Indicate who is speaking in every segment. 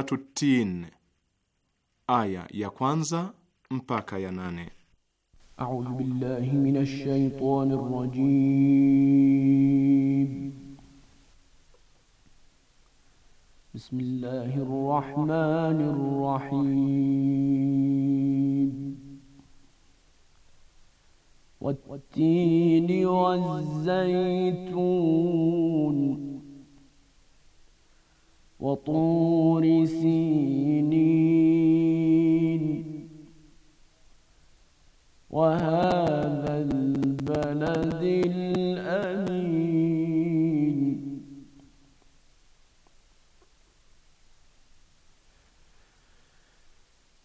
Speaker 1: Suratu Tin, aya ya kwanza mpaka ya nane.
Speaker 2: A'udhu billahi minash shaitani rajim. Bismillahir rahmanir rahim. Wat-tini waz-zaytun wa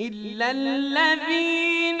Speaker 2: إلا الذين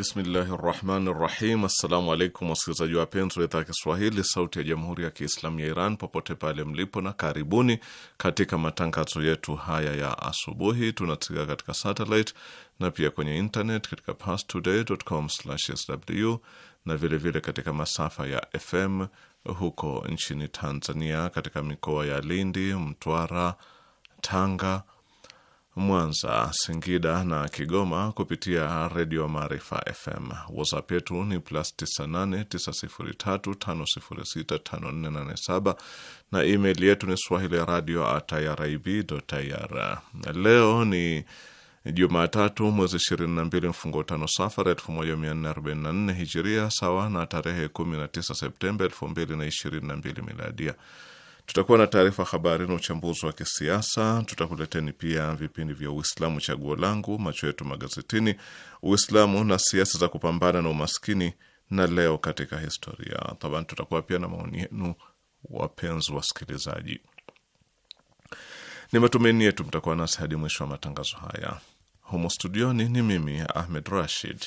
Speaker 1: Bismillahi rahmani rahim. Assalamu alaikum wasikilizaji wapenzi wa idhaa ya Kiswahili sauti ya jamhuri ya Kiislamu ya Iran popote pale mlipo, na karibuni katika matangazo yetu haya ya asubuhi. Tunasikika katika satellite na pia kwenye internet katika pastodaycom sw na vilevile vile katika masafa ya FM huko nchini Tanzania, katika mikoa ya Lindi, Mtwara, Tanga Mwanza, Singida na Kigoma kupitia redio Maarifa FM. WhatsApp yetu ni plus 989035065487 na email yetu ni swahili radio irib.ir. Leo ni Jumatatu mwezi 22 mfungo tano Safari 1444 Hijiria, sawa na tarehe 19 Septemba 2022 Miladia. Tutakuwa na taarifa habari na uchambuzi wa kisiasa. Tutakuleteni pia vipindi vya Uislamu chaguo langu, macho yetu magazetini, Uislamu na siasa za kupambana na umaskini na leo katika historia. taban tutakuwa pia na maoni yenu, wapenzi wasikilizaji. Ni matumaini yetu mtakuwa nasi hadi mwisho wa matangazo haya. Humo studioni ni mimi Ahmed Rashid.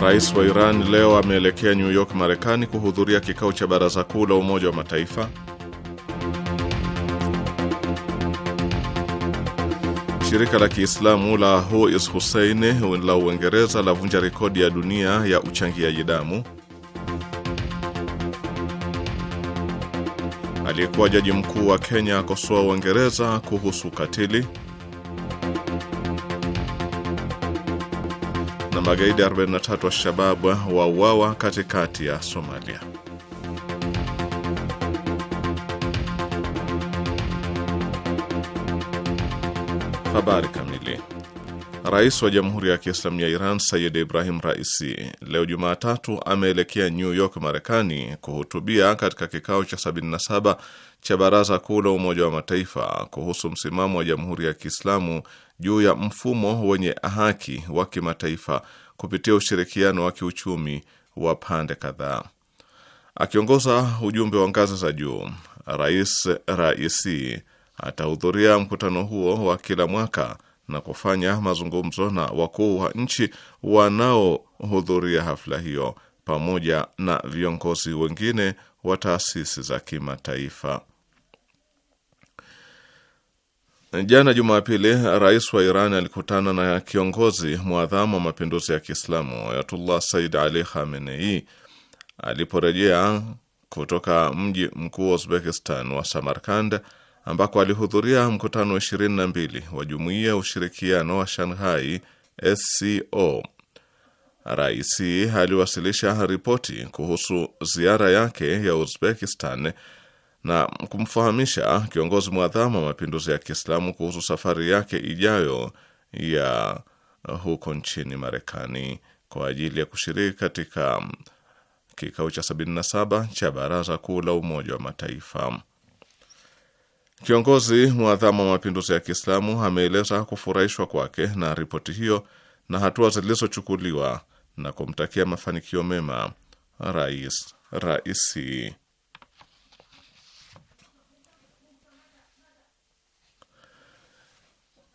Speaker 1: Rais wa Iran leo ameelekea New York, Marekani kuhudhuria kikao cha Baraza Kuu la Umoja wa Mataifa. Shirika la Kiislamu la Huis Hussein la Uingereza lavunja rekodi ya dunia ya uchangiaji damu. Aliyekuwa jaji mkuu wa Kenya akosoa Uingereza kuhusu katili magaidi 43 wa Shabab wauawa katikati ya Somalia. Habari kamili. Rais wa Jamhuri ya Kiislamu ya Iran Sayyid Ibrahim Raisi leo Jumatatu ameelekea New York, Marekani, kuhutubia katika kikao cha 77 cha Baraza Kuu la Umoja wa Mataifa kuhusu msimamo wa Jamhuri ya Kiislamu juu ya mfumo wenye haki wa kimataifa kupitia ushirikiano wa kiuchumi wa pande kadhaa. Akiongoza ujumbe wa ngazi za juu, Rais Raisi atahudhuria mkutano huo wa kila mwaka na kufanya mazungumzo na wakuu wa nchi wanaohudhuria hafla hiyo pamoja na viongozi wengine wa taasisi za kimataifa. Jana Jumapili, rais wa Iran alikutana na kiongozi mwadhamu wa mapinduzi ya Kiislamu Ayatullah Said Ali Khamenei aliporejea kutoka mji mkuu wa Uzbekistan wa Samarkand, ambako alihudhuria mkutano wa 22 wa jumuiya ya ushirikiano wa Shanghai SCO. Rais aliwasilisha ripoti kuhusu ziara yake ya Uzbekistan na kumfahamisha kiongozi mwadhamu wa mapinduzi ya Kiislamu kuhusu safari yake ijayo ya huko nchini Marekani kwa ajili ya kushiriki katika kikao cha 77 cha Baraza Kuu la Umoja wa Mataifa. Kiongozi mwadhamu wa mapinduzi ya Kiislamu ameeleza kufurahishwa kwake na ripoti hiyo na hatua zilizochukuliwa na kumtakia mafanikio mema rais raisi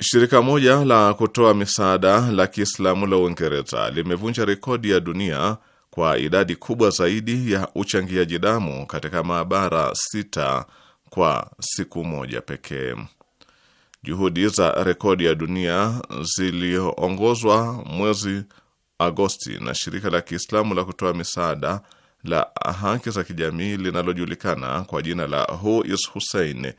Speaker 1: Shirika moja la kutoa misaada la Kiislamu la Uingereza limevunja rekodi ya dunia kwa idadi kubwa zaidi ya uchangiaji damu katika maabara sita kwa siku moja pekee. Juhudi za rekodi ya dunia ziliongozwa mwezi Agosti na shirika la Kiislamu la kutoa misaada la haki za kijamii linalojulikana kwa jina la Who is Hussein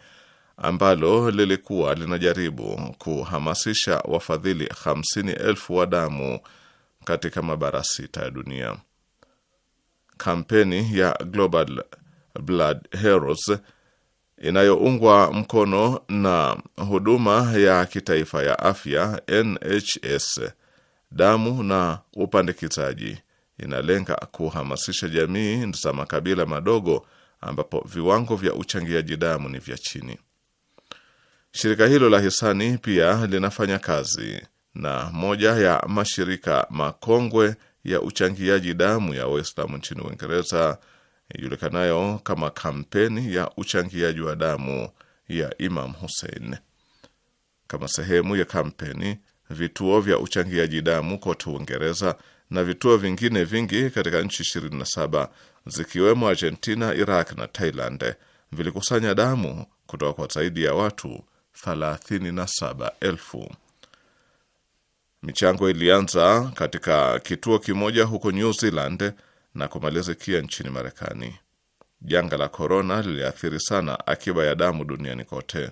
Speaker 1: ambalo lilikuwa linajaribu kuhamasisha wafadhili hamsini wa damu katika mabara sita ya dunia. Kampeni ya Global Blood Heroes inayoungwa mkono na huduma ya kitaifa ya afya NHS, damu na upandikizaji, inalenga kuhamasisha jamii za makabila madogo ambapo viwango vya uchangiaji damu ni vya chini. Shirika hilo la hisani pia linafanya kazi na moja ya mashirika makongwe ya uchangiaji damu ya Waislamu nchini Uingereza ijulikanayo kama kampeni ya uchangiaji wa damu ya Imam Hussein. Kama sehemu ya kampeni, vituo vya uchangiaji damu kote Uingereza na vituo vingine vingi katika nchi 27 zikiwemo Argentina, Iraq na Thailand vilikusanya damu kutoka kwa zaidi ya watu 37,000. Michango ilianza katika kituo kimoja huko New Zealand na kumalizikia nchini Marekani. Janga la korona liliathiri sana akiba ya damu duniani kote.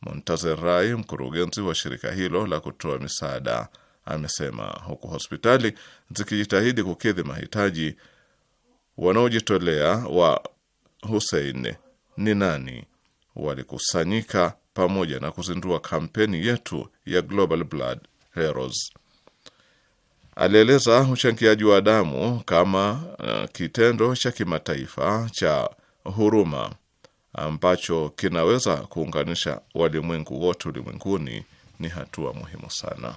Speaker 1: Montazer Rai, mkurugenzi wa shirika hilo la kutoa misaada, amesema huku hospitali zikijitahidi kukidhi mahitaji, wanaojitolea wa Hussein ni nani walikusanyika pamoja na kuzindua kampeni yetu ya Global Blood Heroes. Alieleza uchangiaji wa damu kama uh, kitendo cha kimataifa cha huruma ambacho kinaweza kuunganisha walimwengu wote ulimwenguni ni hatua muhimu sana.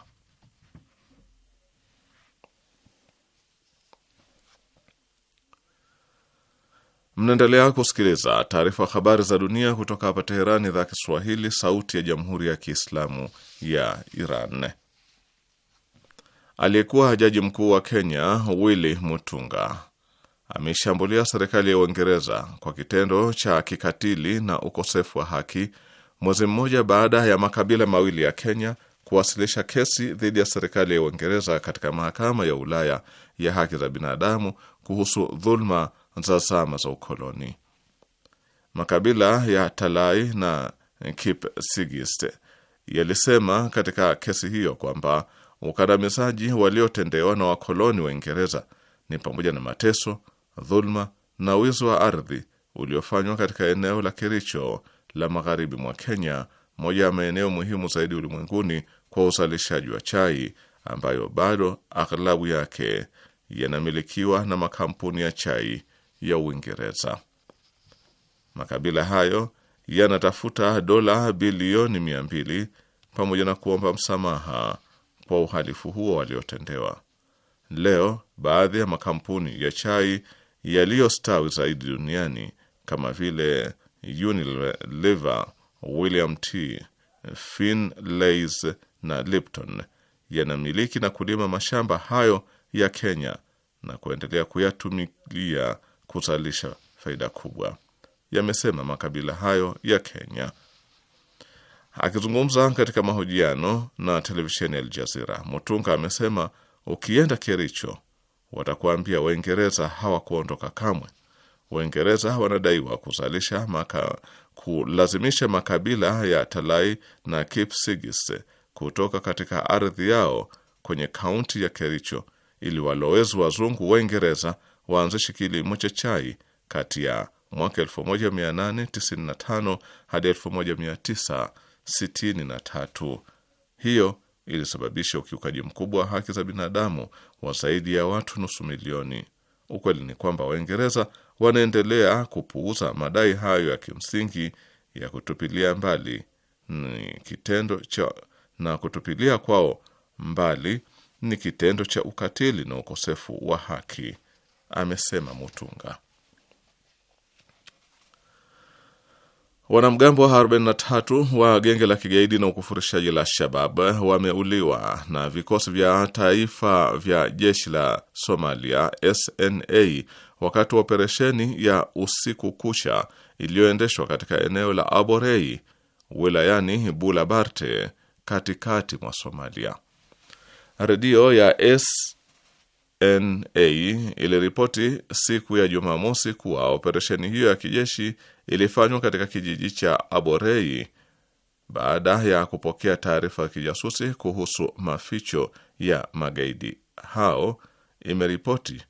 Speaker 1: Mnaendelea kusikiliza taarifa habari za dunia kutoka hapa Teherani, idhaa Kiswahili, sauti ya jamhuri ya kiislamu ya Iran. Aliyekuwa jaji mkuu wa Kenya Willy Mutunga ameishambulia serikali ya Uingereza kwa kitendo cha kikatili na ukosefu wa haki mwezi mmoja baada ya makabila mawili ya Kenya kuwasilisha kesi dhidi ya serikali ya Uingereza katika mahakama ya Ulaya ya haki za binadamu kuhusu dhulma za zama za ukoloni. Makabila ya Talai na Kipsigis yalisema katika kesi hiyo kwamba ukandamizaji waliotendewa na wakoloni wa Uingereza ni pamoja na mateso, dhuluma na wizi wa ardhi uliofanywa katika eneo la Kericho la magharibi mwa Kenya, moja ya maeneo muhimu zaidi ulimwenguni kwa uzalishaji wa chai ambayo bado aghlabu yake yanamilikiwa na makampuni ya chai ya Uingereza. Makabila hayo yanatafuta dola bilioni mia mbili pamoja na kuomba msamaha kwa uhalifu huo waliotendewa. Leo baadhi ya makampuni ya chai yaliyostawi zaidi duniani kama vile Unilever, William T, Finlays na Lipton yanamiliki na kulima mashamba hayo ya Kenya na kuendelea kuyatumikia kuzalisha faida kubwa, yamesema makabila hayo ya Kenya. Akizungumza katika mahojiano na televisheni ya Aljazira, Mutunga amesema ukienda Kericho watakuambia Waingereza hawakuondoka kamwe. Waingereza wanadaiwa kuzalisha maka, kulazimisha makabila ya Talai na Kipsigis kutoka katika ardhi yao kwenye kaunti ya Kericho ili walowezi wazungu Waingereza waanzishi kilimo cha chai kati ya mwaka 1895 hadi 1963. Hiyo ilisababisha ukiukaji mkubwa wa haki za binadamu wa zaidi ya watu nusu milioni. Ukweli ni kwamba Waingereza wanaendelea kupuuza madai hayo ya kimsingi ya kutupilia mbali ni kitendo cha na kutupilia kwao mbali ni kitendo cha ukatili na ukosefu wa haki amesema Mutunga. Wanamgambo wa 43 wa genge la kigaidi na ukufurishaji la Shabab wameuliwa na vikosi vya taifa vya jeshi la Somalia SNA wakati wa operesheni ya usiku kucha iliyoendeshwa katika eneo la Aborei wilayani Bulabarte katikati mwa Somalia. Redio ya S INA iliripoti siku ya Jumamosi kuwa operesheni hiyo ya kijeshi ilifanywa katika kijiji cha Aborei baada ya kupokea taarifa ya kijasusi kuhusu maficho ya magaidi hao. Imeripoti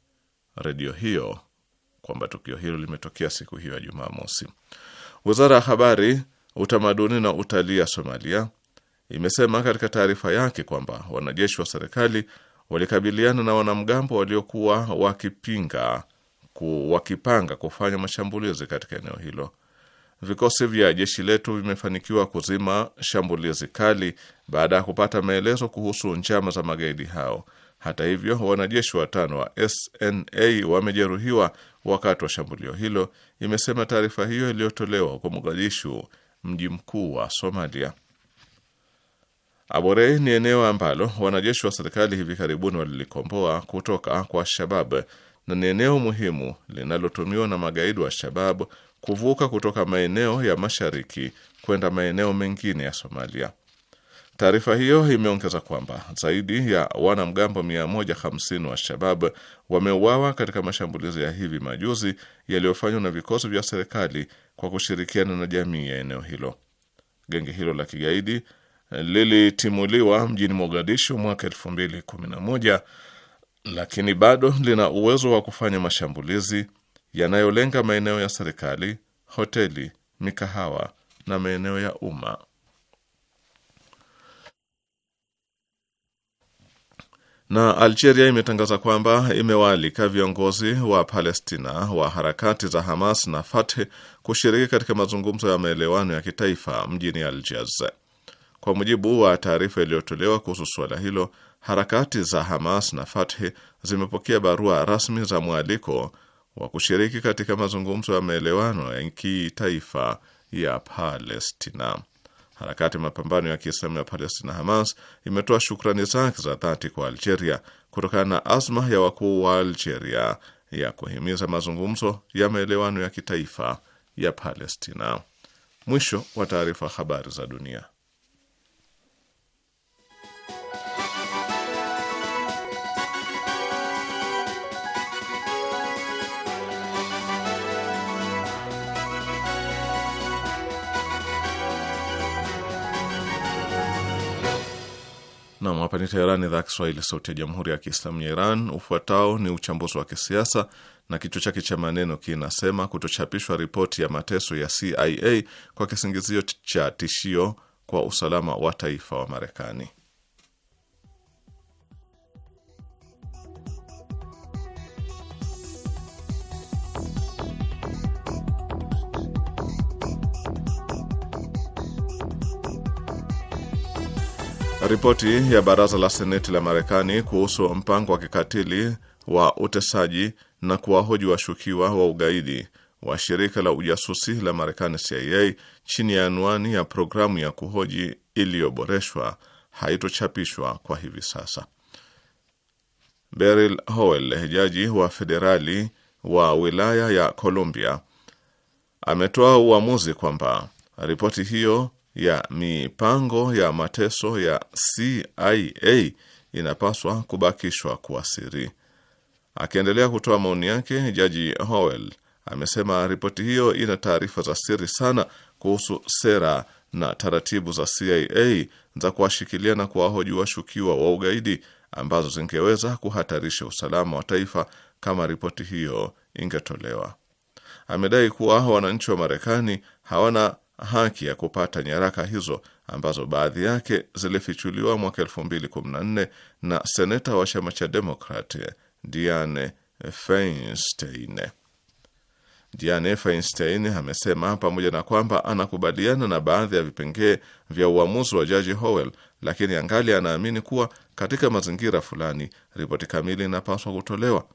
Speaker 1: redio hiyo kwamba tukio hilo limetokea siku hiyo ya Jumamosi. Wizara ya Habari, Utamaduni na Utalii ya Somalia imesema katika taarifa yake kwamba wanajeshi wa serikali walikabiliana na wanamgambo waliokuwa wakipinga ku, wakipanga kufanya mashambulizi katika eneo hilo. Vikosi vya jeshi letu vimefanikiwa kuzima shambulizi kali baada ya kupata maelezo kuhusu njama za magaidi hao. Hata hivyo, wanajeshi watano wa SNA wamejeruhiwa wakati wa shambulio hilo, imesema taarifa hiyo iliyotolewa huko Mogadishu, mji mkuu wa Somalia. Aborei ni eneo ambalo wanajeshi wa serikali hivi karibuni walilikomboa kutoka kwa Shabab na ni eneo muhimu linalotumiwa na magaidi wa Shabab kuvuka kutoka maeneo ya mashariki kwenda maeneo mengine ya Somalia. Taarifa hiyo imeongeza kwamba zaidi ya wanamgambo 150 wa Shabab wameuawa katika mashambulizi ya hivi majuzi yaliyofanywa na vikosi vya serikali kwa kushirikiana na jamii ya eneo hilo. Genge hilo la kigaidi lilitimuliwa mjini Mogadishu mwaka moja lakini bado lina uwezo wa kufanya mashambulizi yanayolenga maeneo ya serikali, hoteli, mikahawa na maeneo ya umma. Na Algeria imetangaza kwamba imewaalika viongozi wa Palestina wa harakati za Hamas na Fatah kushiriki katika mazungumzo ya maelewano ya kitaifa mjini Algiers. Kwa mujibu wa taarifa iliyotolewa kuhusu suala hilo, harakati za Hamas na Fathi zimepokea barua rasmi za mwaliko wa kushiriki katika mazungumzo ya maelewano ya kitaifa ya Palestina. Harakati mapambano ya Kiislamu ya Palestina, Hamas, imetoa shukrani zake za dhati kwa Algeria kutokana na azma ya wakuu wa Algeria ya kuhimiza mazungumzo ya maelewano ya kitaifa ya Palestina. Mwisho wa taarifa. Habari za dunia. Nam, hapa ni Teheran, idhaa ya Kiswahili, sauti ya jamhuri ya kiislamu ya Iran. Ufuatao ni uchambuzi wa kisiasa na kichwa chake cha maneno kinasema kutochapishwa ripoti ya mateso ya CIA kwa kisingizio cha tishio kwa usalama wa taifa wa Marekani. Ripoti ya baraza la seneti la Marekani kuhusu mpango wa kikatili wa utesaji na kuwahoji washukiwa wa ugaidi wa shirika la ujasusi la Marekani CIA chini ya anwani ya programu ya kuhoji iliyoboreshwa haitochapishwa kwa hivi sasa. Beryl Howell, jaji wa federali wa wilaya ya Columbia, ametoa uamuzi kwamba ripoti hiyo ya mipango ya mateso ya CIA inapaswa kubakishwa kwa siri. Akiendelea kutoa maoni yake, Jaji Howell amesema ripoti hiyo ina taarifa za siri sana kuhusu sera na taratibu za CIA za kuwashikilia na kuwahoji washukiwa wa ugaidi ambazo zingeweza kuhatarisha usalama wa taifa kama ripoti hiyo ingetolewa. Amedai kuwa wananchi wa Marekani hawana haki ya kupata nyaraka hizo ambazo baadhi yake zilifichuliwa mwaka elfu mbili kumi na nne na seneta wa chama cha Demokrat Diane Feinstein. Diane Feinstein amesema pamoja na kwamba anakubaliana na baadhi ya vipengee vya uamuzi wa jaji Howell, lakini angali anaamini kuwa katika mazingira fulani ripoti kamili inapaswa kutolewa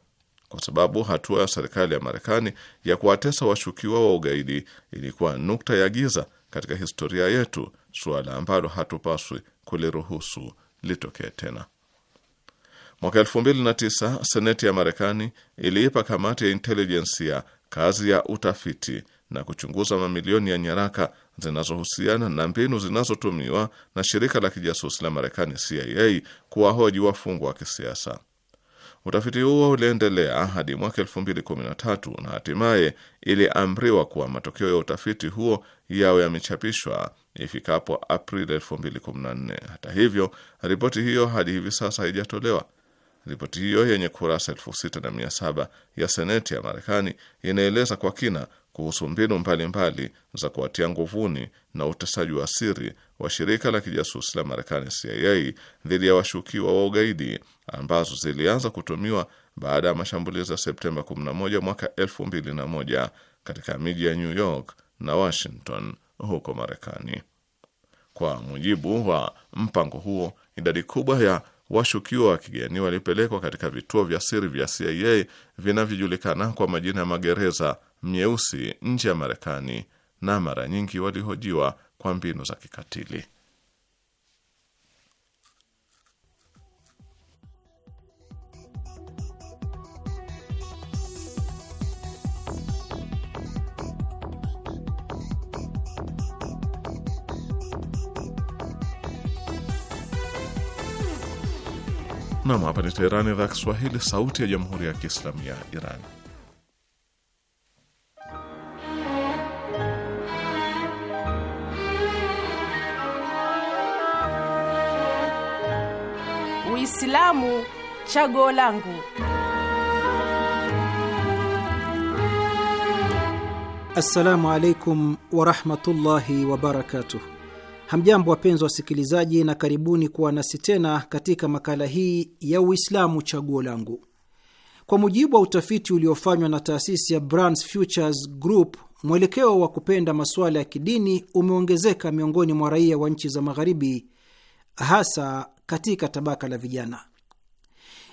Speaker 1: kwa sababu hatua ya serikali ya Marekani ya kuwatesa washukiwa wa ugaidi ilikuwa nukta ya giza katika historia yetu, suala ambalo hatupaswi kuliruhusu litokee tena. Mwaka tisa seneti ya Marekani iliipa kamati ya intelijensia kazi ya utafiti na kuchunguza mamilioni ya nyaraka zinazohusiana na mbinu zinazotumiwa na shirika la kijasusi la Marekani CIA kuwahoji wafungwa wa kisiasa. Utafiti huo uliendelea hadi mwaka kumi na hatimaye iliamriwa kuwa matokeo ya utafiti huo yawe yamechapishwa ifikapo Aprili nne. Hata hivyo, ripoti hiyo hadi hivi sasa haijatolewa. Ripoti hiyo yenye kurasa saba ya Seneti ya Marekani inaeleza kwa kina kuhusu mbinu mbalimbali za kuwatia nguvuni na utesaji wa siri wa shirika la kijasusi la Marekani CIA dhidi ya washukiwa wa ugaidi ambazo zilianza kutumiwa baada ya mashambulizi ya Septemba 11 mwaka 2001 katika miji ya New York na Washington huko Marekani. Kwa mujibu wa mpango huo, idadi kubwa ya washukiwa wa kigeni walipelekwa katika vituo vya siri vya CIA vinavyojulikana kwa majina ya magereza Myeusi nje ya Marekani na mara nyingi walihojiwa kwa mbinu za kikatili. Nam, hapa ni Teherani, idhaa ya Kiswahili, sauti ya jamhuri ya kiislamu ya Iran.
Speaker 3: Uislamu chaguo langu.
Speaker 4: Assalamu alaikum warahmatullahi wabarakatuh. Hamjambo, wapenzi wasikilizaji, na karibuni kuwa nasi tena katika makala hii ya Uislamu Chaguo Langu. Kwa mujibu wa utafiti uliofanywa na taasisi ya Brands Futures Group, mwelekeo wa kupenda masuala ya kidini umeongezeka miongoni mwa raia wa nchi za Magharibi, hasa katika tabaka la vijana.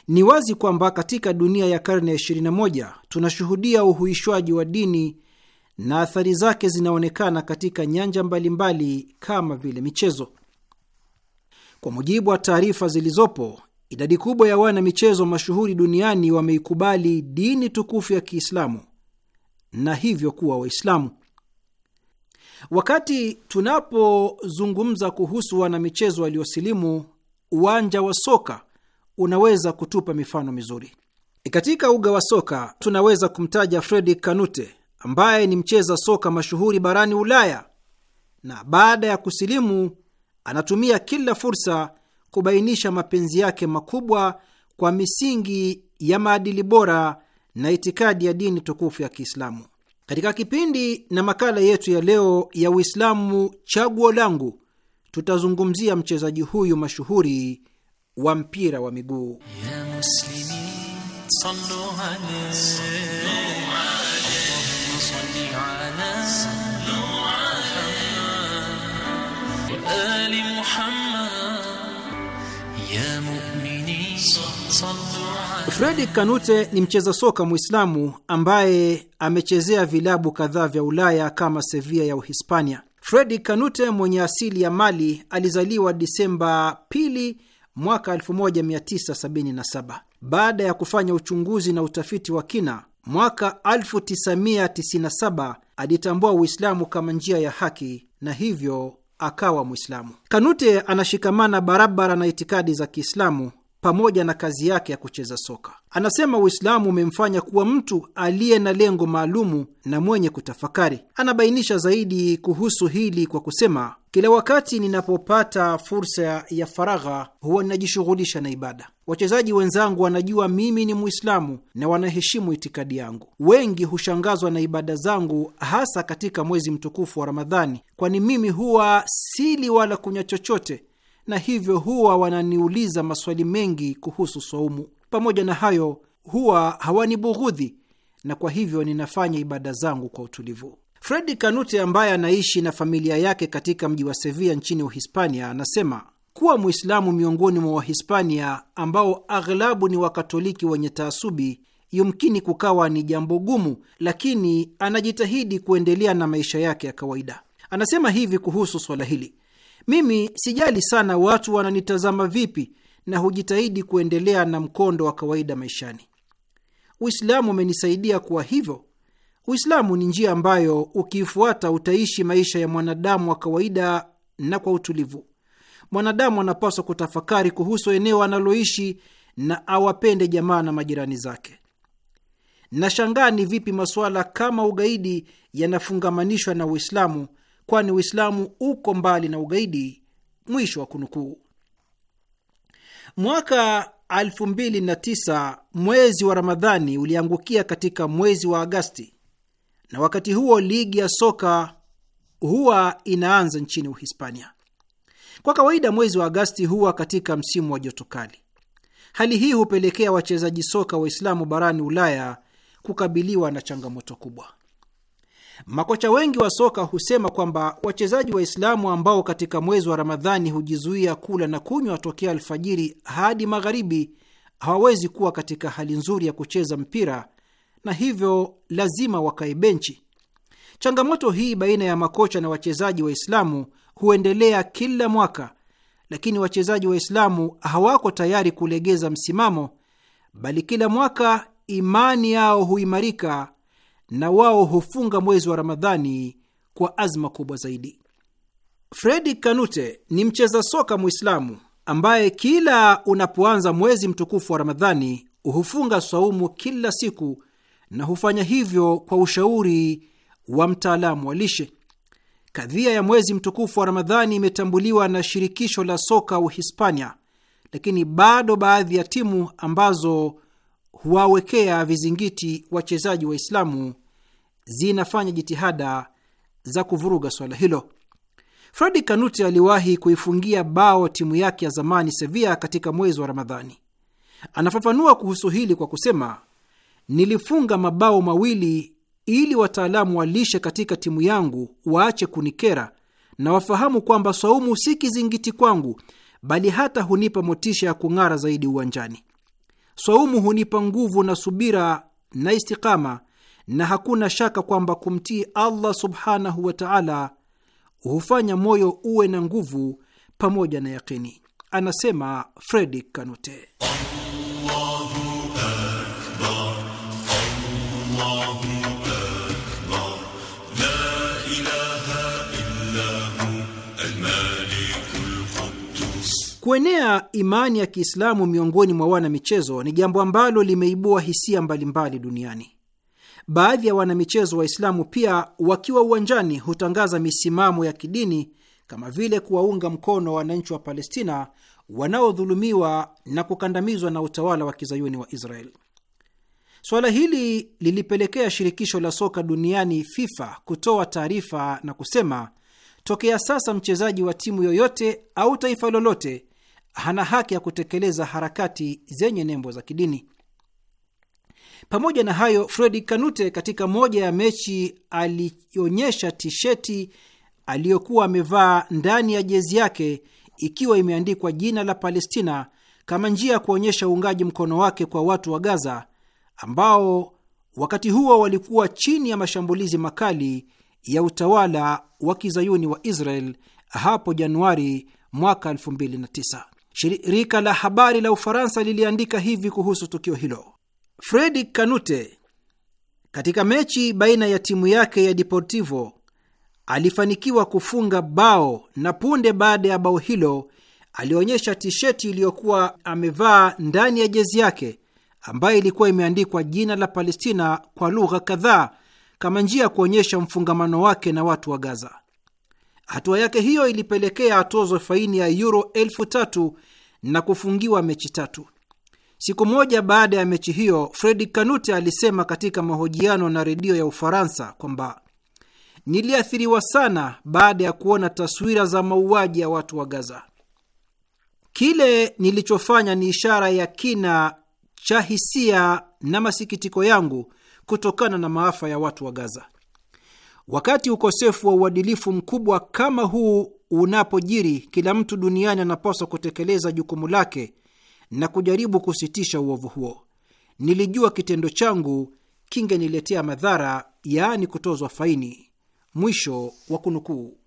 Speaker 4: Ni wazi kwamba katika dunia ya karne ya 21 tunashuhudia uhuishwaji wa dini na athari zake zinaonekana katika nyanja mbalimbali kama vile michezo. Kwa mujibu wa taarifa zilizopo, idadi kubwa ya wana michezo mashuhuri duniani wameikubali dini tukufu ya Kiislamu na hivyo kuwa Waislamu. Wakati tunapozungumza kuhusu wanamichezo waliosilimu, uwanja wa soka unaweza kutupa mifano mizuri. Katika uga wa soka tunaweza kumtaja Fredi Kanute ambaye ni mcheza soka mashuhuri barani Ulaya, na baada ya kusilimu anatumia kila fursa kubainisha mapenzi yake makubwa kwa misingi ya maadili bora na itikadi ya dini tukufu ya Kiislamu. Katika kipindi na makala yetu ya leo ya Uislamu chaguo langu, tutazungumzia mchezaji huyu mashuhuri wa mpira wa miguu ya muslimi,
Speaker 2: آل Fredi
Speaker 4: Kanute ni mcheza soka Mwislamu ambaye amechezea vilabu kadhaa vya Ulaya kama Sevilla ya Uhispania. Fredi Kanute mwenye asili ya Mali alizaliwa Disemba 2 mwaka 1977. Baada ya kufanya uchunguzi na utafiti wa kina, mwaka 1997 alitambua Uislamu kama njia ya haki na hivyo akawa Mwislamu. Kanute anashikamana barabara na itikadi za Kiislamu pamoja na kazi yake ya kucheza soka. Anasema Uislamu umemfanya kuwa mtu aliye na lengo maalumu na mwenye kutafakari. Anabainisha zaidi kuhusu hili kwa kusema, kila wakati ninapopata fursa ya faragha huwa ninajishughulisha na ibada. Wachezaji wenzangu wanajua mimi ni muislamu na wanaheshimu itikadi yangu. Wengi hushangazwa na ibada zangu, hasa katika mwezi mtukufu wa Ramadhani, kwani mimi huwa sili wala kunywa chochote, na hivyo huwa wananiuliza maswali mengi kuhusu saumu. Pamoja na hayo, huwa hawanibughudhi na kwa hivyo ninafanya ibada zangu kwa utulivu. Fredi Kanute ambaye anaishi na familia yake katika mji wa Sevilla nchini Uhispania anasema kuwa Mwislamu miongoni mwa Wahispania ambao aghlabu ni Wakatoliki wenye taasubi, yumkini kukawa ni jambo gumu, lakini anajitahidi kuendelea na maisha yake ya kawaida. Anasema hivi kuhusu swala hili: mimi sijali sana watu wananitazama vipi, na hujitahidi kuendelea na mkondo wa kawaida maishani. Uislamu umenisaidia kuwa hivyo. Uislamu ni njia ambayo ukiifuata utaishi maisha ya mwanadamu wa kawaida na kwa utulivu mwanadamu anapaswa kutafakari kuhusu eneo analoishi na awapende jamaa na majirani zake. Nashangaa ni vipi masuala kama ugaidi yanafungamanishwa na Uislamu, kwani Uislamu uko mbali na ugaidi. Mwisho wa kunukuu. Mwaka 2009 mwezi wa Ramadhani uliangukia katika mwezi wa Agasti, na wakati huo ligi ya soka huwa inaanza nchini Uhispania. Kwa kawaida mwezi wa Agasti huwa katika msimu wa joto kali. Hali hii hupelekea wachezaji soka Waislamu barani Ulaya kukabiliwa na changamoto kubwa. Makocha wengi wa soka husema kwamba wachezaji Waislamu ambao katika mwezi wa Ramadhani hujizuia kula na kunywa tokea alfajiri hadi magharibi hawawezi kuwa katika hali nzuri ya kucheza mpira na hivyo lazima wakae benchi. Changamoto hii baina ya makocha na wachezaji Waislamu huendelea kila mwaka, lakini wachezaji Waislamu hawako tayari kulegeza msimamo, bali kila mwaka imani yao huimarika na wao hufunga mwezi wa Ramadhani kwa azma kubwa zaidi. Fredi Kanute ni mcheza soka Mwislamu ambaye kila unapoanza mwezi mtukufu wa Ramadhani hufunga saumu kila siku na hufanya hivyo kwa ushauri wa mtaalamu wa lishe. Kadhia ya mwezi mtukufu wa Ramadhani imetambuliwa na shirikisho la soka Uhispania, lakini bado baadhi ya timu ambazo huwawekea vizingiti wachezaji Waislamu zinafanya jitihada za kuvuruga swala hilo. Fredi kanute aliwahi kuifungia bao timu yake ya zamani Sevilla katika mwezi wa Ramadhani. Anafafanua kuhusu hili kwa kusema, nilifunga mabao mawili ili wataalamu walishe katika timu yangu waache kunikera na wafahamu kwamba saumu si kizingiti kwangu, bali hata hunipa motisha ya kung'ara zaidi uwanjani. Saumu hunipa nguvu na subira na istikama, na hakuna shaka kwamba kumtii Allah subhanahu wa taala hufanya moyo uwe na nguvu pamoja na yakini, anasema fredi Kanute. Kuenea imani ya Kiislamu miongoni mwa wanamichezo ni jambo ambalo limeibua hisia mbalimbali duniani. Baadhi ya wanamichezo Waislamu pia wakiwa uwanjani hutangaza misimamo ya kidini kama vile kuwaunga mkono wananchi wa Palestina wanaodhulumiwa na kukandamizwa na utawala wa kizayuni wa israel Suala hili lilipelekea shirikisho la soka duniani FIFA kutoa taarifa na kusema, tokea sasa mchezaji wa timu yoyote au taifa lolote hana haki ya kutekeleza harakati zenye nembo za kidini. Pamoja na hayo, Fredi Kanute katika moja ya mechi alionyesha tisheti aliyokuwa amevaa ndani ya jezi yake ikiwa imeandikwa jina la Palestina kama njia ya kuonyesha uungaji mkono wake kwa watu wa Gaza ambao wakati huo walikuwa chini ya mashambulizi makali ya utawala wa kizayuni wa Israel hapo Januari mwaka 2009. Shirika la habari la Ufaransa liliandika hivi kuhusu tukio hilo: Fredi Kanute katika mechi baina ya timu yake ya Deportivo alifanikiwa kufunga bao na punde baada ya bao hilo alionyesha tisheti iliyokuwa amevaa ndani ya jezi yake ambayo ilikuwa imeandikwa jina la Palestina kwa lugha kadhaa kama njia ya kuonyesha mfungamano wake na watu wa Gaza. Hatua yake hiyo ilipelekea atozwe faini ya yuro elfu tatu na kufungiwa mechi tatu. Siku moja baada ya mechi hiyo, Fredi Kanute alisema katika mahojiano na redio ya Ufaransa kwamba niliathiriwa sana baada ya kuona taswira za mauaji ya watu wa Gaza. Kile nilichofanya ni ishara ya kina cha hisia na masikitiko yangu kutokana na maafa ya watu wa Gaza. Wakati ukosefu wa uadilifu mkubwa kama huu unapojiri, kila mtu duniani anapaswa kutekeleza jukumu lake na kujaribu kusitisha uovu huo. Nilijua kitendo changu kingeniletea madhara, yaani kutozwa faini. Mwisho wa kunukuu.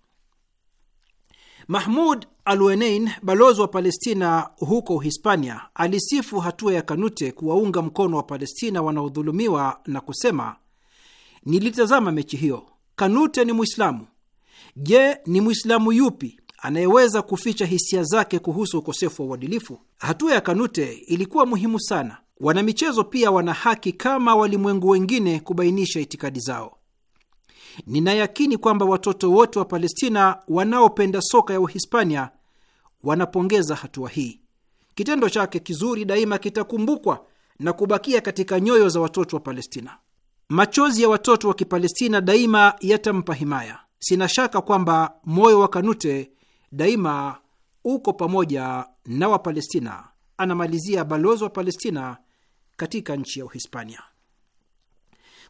Speaker 4: Mahmud Alwenein, balozi wa Palestina huko Uhispania, alisifu hatua ya Kanute kuwaunga mkono wa Palestina wanaodhulumiwa na kusema, nilitazama mechi hiyo Kanute ni Mwislamu. Je, ni Mwislamu yupi anayeweza kuficha hisia zake kuhusu ukosefu wa uadilifu? Hatua ya Kanute ilikuwa muhimu sana. Wanamichezo pia wana haki kama walimwengu wengine kubainisha itikadi zao. Ninayakini kwamba watoto wote wa Palestina wanaopenda soka ya Uhispania wanapongeza hatua hii. Kitendo chake kizuri daima kitakumbukwa na kubakia katika nyoyo za watoto wa Palestina. Machozi ya watoto wa Kipalestina daima yatampa himaya. Sina shaka kwamba moyo wa Kanute daima uko pamoja na Wapalestina, anamalizia balozi wa Palestina katika nchi ya Uhispania.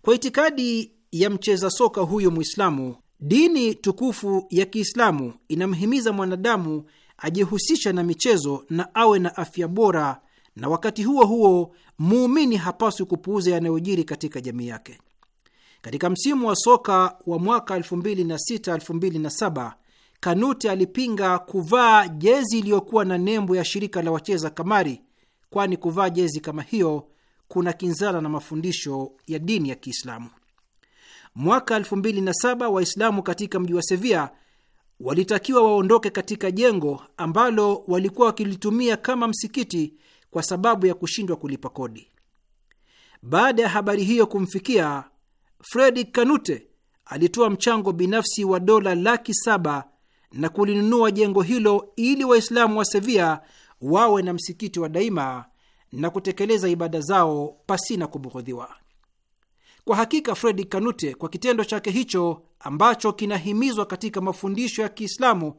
Speaker 4: Kwa itikadi ya mcheza soka huyo Mwislamu, dini tukufu ya Kiislamu inamhimiza mwanadamu ajihusisha na michezo na awe na afya bora na wakati huo huo muumini hapaswi kupuuza yanayojiri katika jamii yake. Katika msimu wa soka wa mwaka 2006-2007 Kanute alipinga kuvaa jezi iliyokuwa na nembo ya shirika la wacheza kamari, kwani kuvaa jezi kama hiyo kuna kinzana na mafundisho ya dini ya Kiislamu. Mwaka 2007 Waislamu katika mji wa Sevilla walitakiwa waondoke katika jengo ambalo walikuwa wakilitumia kama msikiti kwa sababu ya kushindwa kulipa kodi. Baada ya habari hiyo kumfikia, Fredi Kanute alitoa mchango binafsi wa dola laki saba na kulinunua jengo hilo ili Waislamu wa Sevilla wawe na msikiti wa daima na kutekeleza ibada zao pasina kubughudhiwa. Kwa hakika Fredi Kanute, kwa kitendo chake hicho ambacho kinahimizwa katika mafundisho ya Kiislamu,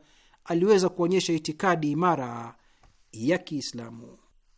Speaker 4: aliweza kuonyesha itikadi imara ya Kiislamu.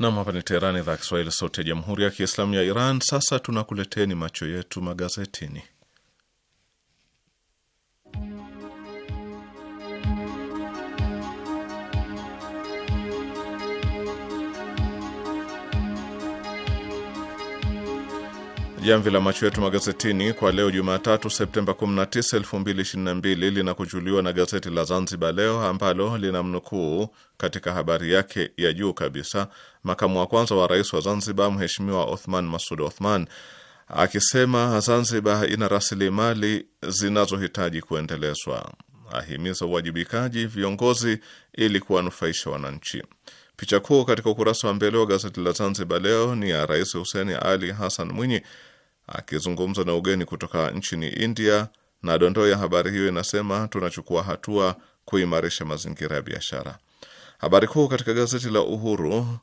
Speaker 1: Nam, hapa ni Teherani, idhaa ya Kiswahili, sauti ya jamhuri ya kiislamu ya Iran. Sasa tunakuleteni macho yetu magazetini. Jamvi la macho yetu magazetini kwa leo Jumatatu, Septemba 19, 2022 linakujuliwa na gazeti la Zanzibar Leo ambalo linamnukuu katika habari yake ya juu kabisa makamu wa kwanza wa rais wa Zanzibar Mheshimiwa Othman Masud Othman akisema Zanzibar ina rasilimali zinazohitaji kuendelezwa, ahimiza uwajibikaji viongozi ili kuwanufaisha wananchi. Picha kuu katika ukurasa wa mbele wa gazeti la Zanzibar Leo ni ya Rais huseni Ali Hassan Mwinyi akizungumza na ugeni kutoka nchini India, na dondoo ya habari hiyo inasema tunachukua hatua kuimarisha mazingira ya biashara. Habari kuu katika gazeti la Uhuru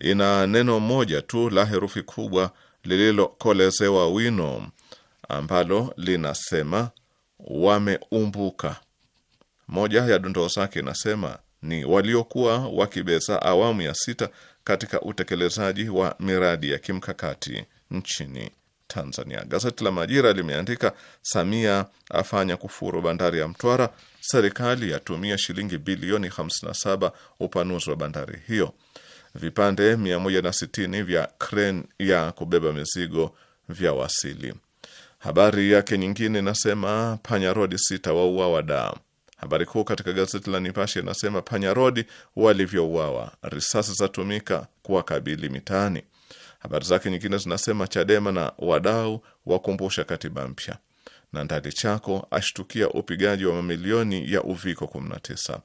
Speaker 1: ina neno moja tu la herufi kubwa lililokolezewa wino ambalo linasema wameumbuka. Moja ya dondoo zake inasema ni waliokuwa wakibeza awamu ya sita katika utekelezaji wa miradi ya kimkakati nchini Tanzania. Gazeti la Majira limeandika Samia afanya kufuru bandari ya Mtwara, serikali yatumia shilingi bilioni 57 upanuzi wa bandari hiyo. Vipande 160 vya kreni ya kubeba mizigo vya wasili. Habari yake nyingine inasema panya rodi sita wauawa da Habari kuu katika gazeti la Nipashe inasema panya rodi walivyouawa, risasi zatumika kuwakabili mitaani. Habari zake nyingine zinasema Chadema na wadau wakumbusha katiba mpya, na Ndali Chako ashtukia upigaji wa mamilioni ya uviko 19.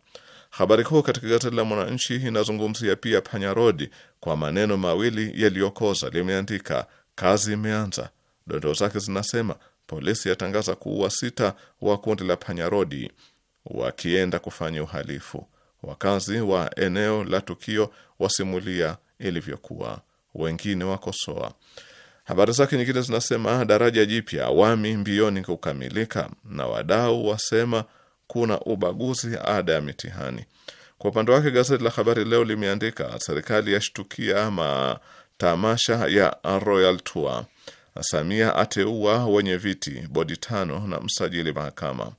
Speaker 1: Habari kuu katika gazeti la Mwananchi inazungumzia pia panyarodi kwa maneno mawili yaliyokoza, limeandika kazi imeanza. Dondoo zake zinasema polisi yatangaza kuua sita wa kundi la panyarodi wakienda kufanya uhalifu. Wakazi wa eneo la tukio wasimulia ilivyokuwa wengine wakosoa. Habari zake nyingine zinasema daraja jipya Wami mbioni kukamilika, na wadau wasema kuna ubaguzi ada ya mitihani. Kwa upande wake gazeti la Habari Leo limeandika serikali yashtukia matamasha ya Royal Tour, Samia ateua wenye viti bodi tano na msajili mahakama,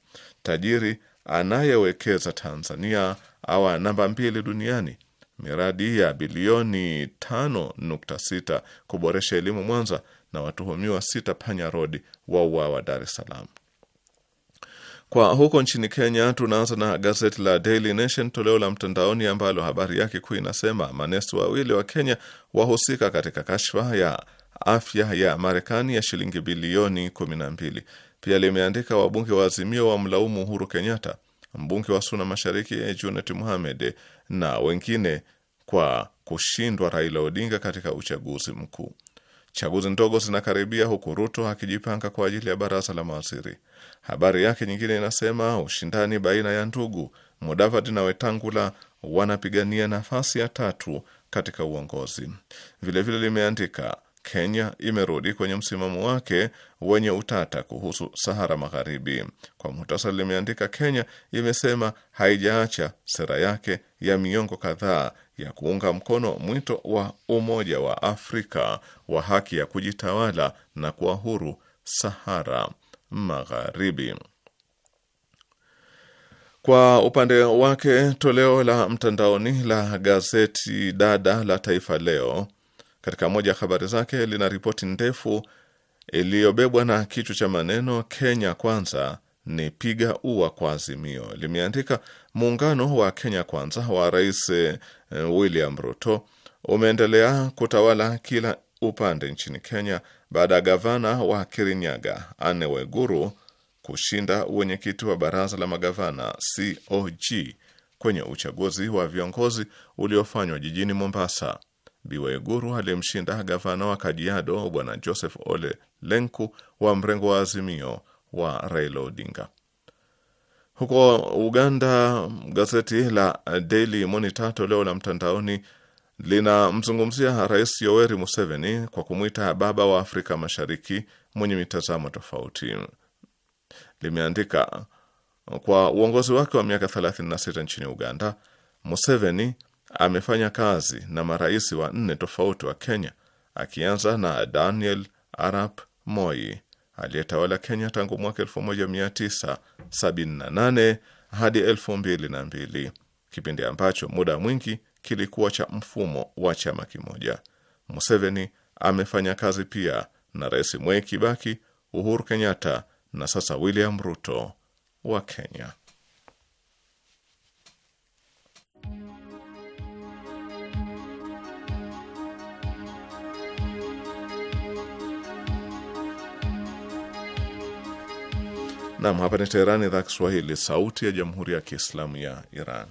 Speaker 1: tajiri anayewekeza Tanzania awa namba mbili duniani miradi ya bilioni 5.6 kuboresha elimu Mwanza, na watuhumiwa sita panya rodi wauawa Dar es Salaam. Kwa huko nchini Kenya, tunaanza na gazeti la Daily Nation toleo la mtandaoni ambalo habari yake kuu inasema manesi wawili wa Kenya wahusika katika kashfa ya afya ya Marekani ya shilingi bilioni 12. Pia limeandika wabunge wa Azimio wa mlaumu Uhuru Kenyatta mbunge wa Suna Mashariki Junet muhamed na wengine kwa kushindwa Raila Odinga katika uchaguzi mkuu. Chaguzi ndogo zinakaribia huku Ruto akijipanga kwa ajili ya baraza la mawaziri. Habari yake nyingine inasema ushindani baina ya ndugu Mudavadi na Wetangula wanapigania nafasi ya tatu katika uongozi. Vilevile vile limeandika Kenya imerudi kwenye msimamo wake wenye utata kuhusu Sahara Magharibi. Kwa muhtasari, limeandika Kenya imesema haijaacha sera yake ya miongo kadhaa ya kuunga mkono mwito wa Umoja wa Afrika wa haki ya kujitawala na kuwa huru Sahara Magharibi. Kwa upande wake, toleo la mtandaoni la gazeti dada la Taifa Leo katika moja ya habari zake lina ripoti ndefu iliyobebwa na kichwa cha maneno Kenya Kwanza ni piga ua kwa Azimio. Limeandika muungano wa Kenya Kwanza wa Rais eh, William Ruto umeendelea kutawala kila upande nchini Kenya baada ya gavana wa Kirinyaga Anne Waiguru kushinda uwenyekiti wa baraza la magavana COG kwenye uchaguzi wa viongozi uliofanywa jijini Mombasa. Biweguru aliyemshinda gavana wa Kajiado Bwana Joseph Ole Lenku wa mrengo wa Azimio wa Raila Odinga. Huko Uganda, gazeti la Daily Monitor toleo la mtandaoni linamzungumzia Rais Yoweri Museveni kwa kumwita baba wa Afrika Mashariki mwenye mitazamo tofauti. Limeandika kwa uongozi wake wa miaka 36 nchini Uganda, Museveni amefanya kazi na marais wa nne tofauti wa Kenya, akianza na Daniel Arap Moi aliyetawala Kenya tangu mwaka 1978 hadi 2002, kipindi ambacho muda mwingi kilikuwa cha mfumo wa chama kimoja. Museveni amefanya kazi pia na Rais Mwai Kibaki, Uhuru Kenyatta na sasa William Ruto wa Kenya. Naam, hapa ni Teherani, idhaa Kiswahili, sauti ya jamhuri ya kiislamu ya Iran.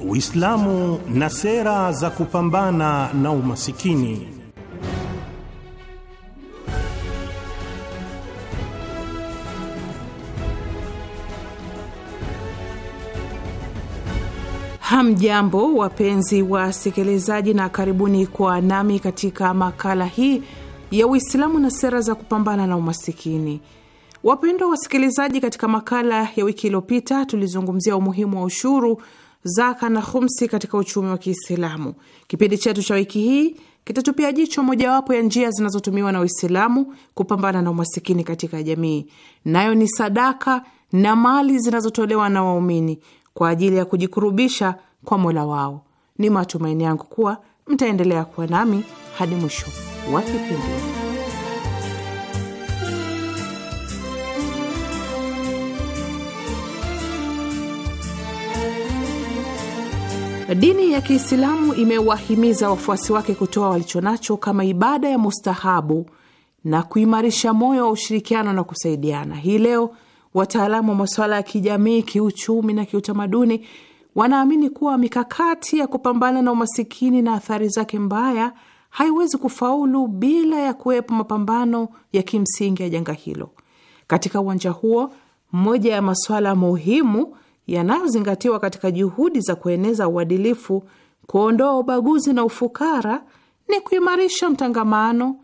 Speaker 4: Uislamu na sera za kupambana na umasikini.
Speaker 3: Hamjambo, wapenzi wasikilizaji, na karibuni kwa nami katika makala hii ya Uislamu na sera za kupambana na umasikini. Wapendwa wasikilizaji, katika makala ya wiki iliyopita tulizungumzia umuhimu wa ushuru, zaka na khumsi katika uchumi wa Kiislamu. Kipindi chetu cha wiki hii kitatupia jicho mojawapo ya njia zinazotumiwa na Uislamu kupambana na umasikini katika jamii, nayo ni sadaka na mali zinazotolewa na waumini kwa ajili ya kujikurubisha kwa Mola wao. Ni matumaini yangu kuwa mtaendelea kuwa nami hadi mwisho wa kipindi. Dini ya Kiislamu imewahimiza wafuasi wake kutoa walichonacho kama ibada ya mustahabu na kuimarisha moyo wa ushirikiano na kusaidiana. Hii leo wataalamu wa masuala ya kijamii, kiuchumi na kiutamaduni wanaamini kuwa mikakati ya kupambana na umasikini na athari zake mbaya haiwezi kufaulu bila ya kuwepo mapambano ya kimsingi ya janga hilo. Katika uwanja huo, moja ya masuala muhimu yanayozingatiwa katika juhudi za kueneza uadilifu, kuondoa ubaguzi na ufukara ni kuimarisha mtangamano,